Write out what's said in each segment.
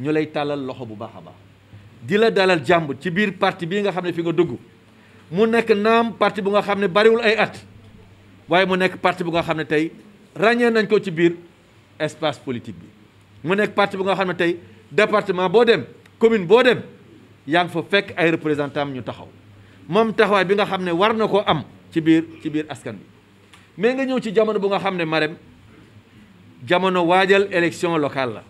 ñu lay tàllal loxo bu baax a baax di la dalal jàmbut ci biir parti bii nga xam ne fi nga dugg mu nekk naam parti bu nga xam ne bariwul ay at waaye mu nekk parti bu nga xam ne tey ràññee nañ ko ci biir espace politique bi mu nekk parti bu nga xam ne tey département boo dem commune boo dem yaa ngi fa fekk ay représentant ñu taxaw moom taxawaay bi nga xam ne war na ko am ci biir ci biir askan bi mais nga ñëw ci jamono bu nga xam ne Marème jamono waajal élection locale la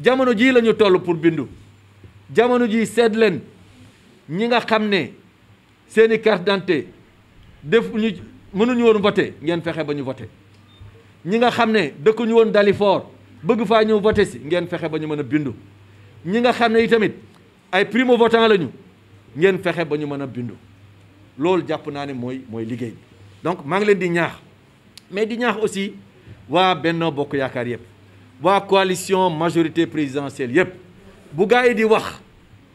jamono jii la ñu toll pour bindu jamono jii seet leen ñi nga xam ne seeni carte d'identité def ñu mënuñu woon voté ngeen fexe ba ñu voté ñi nga xam ne dëkkuñu woon Dalifort bëgg faa ñëw voté si ngeen fexe ba ñu mën a bindu ñi nga xam ne i tamit ay primo votant lañu ngeen fexe ba ñu mën a bindu loolu jàpp naa ne mooy mooy liggéey donc maa ngi leen di ñaax mais di ñaax aussi waa bennoo Bokk Yaakaar yëpp waa coalition majorité présidentielle yépp bu gaa yi di wax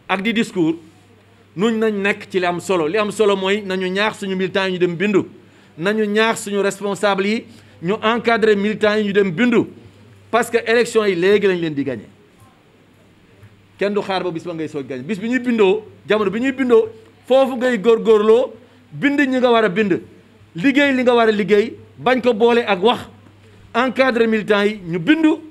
ak di discours nuñ nañ nekk ci li am solo li am solo mooy nañu ñaax suñu militants yi ñu dem bindu nañu ñaax suñu responsable yi ñu encadrer militants yi ñu dem bindu parce que élection yi léegi lañ leen di gagné kenn du xaar ba bis ba ngay soog gagné bis bi ñuy bindoo jamono bi ñuy bindoo foofu ngay góorgóorloo bind ñi nga war a bind liggéey li nga war a liggéey bañ ko boole ak wax encadrer militants yi ñu bindu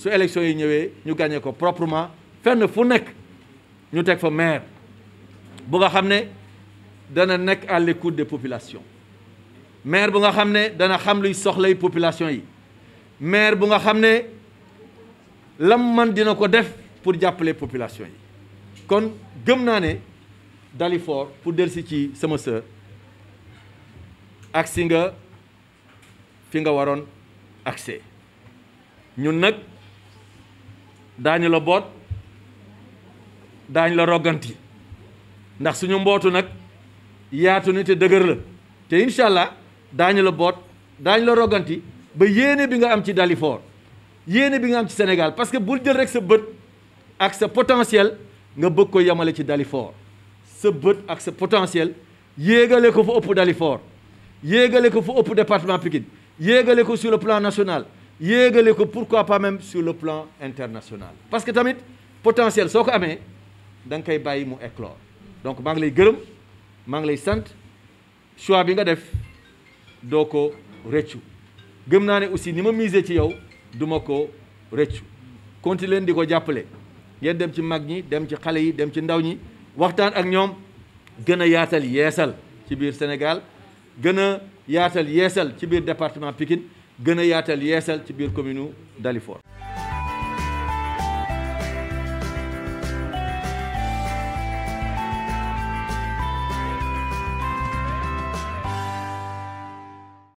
su élection yi ñëwee ñu gagné ko proprement fenn fu nekk ñu teg fa maire bu nga xam ne dana nekk à l'écoute des populations maire bu nga xam ne dana xam luy soxlay population yi maire bu nga xam ne lam man dina ko def pour jàppale population yi kon gëm naa ne fort pour delsi ci sama sœur agsi nga fi nga waroon accès ñun nag daañu la boot daañ la rogganti ndax suñu mbootu nag yaatu ni te dëgër la te incha allah daañu la boot daañ la rogganti ba yéene bi nga am ci Dalifort yéene bi nga am ci Sénégal parce que bul jël rek sa bët ak sa potentiel nga bëgg ko yemale ci Dalifort sa bët ak sa potentiel yéegale ko fa ëpp Dalifort yéegale ko fa ëpp département Pikine yéegale ko sur le plan national pourquoi pas même sur le plan international parce que le potentiel soo ko amee da nga koy éclore donc lay lay sant choix bi nga def doo ko rëccu gëm aussi ni ma ci yow du ma ko rëccu di ko jàppale ngeen dem ci mag dem ci xale yi dem ci ak Sénégal département Pikine gën a yaatal yeesal ci biir commune u Dalifort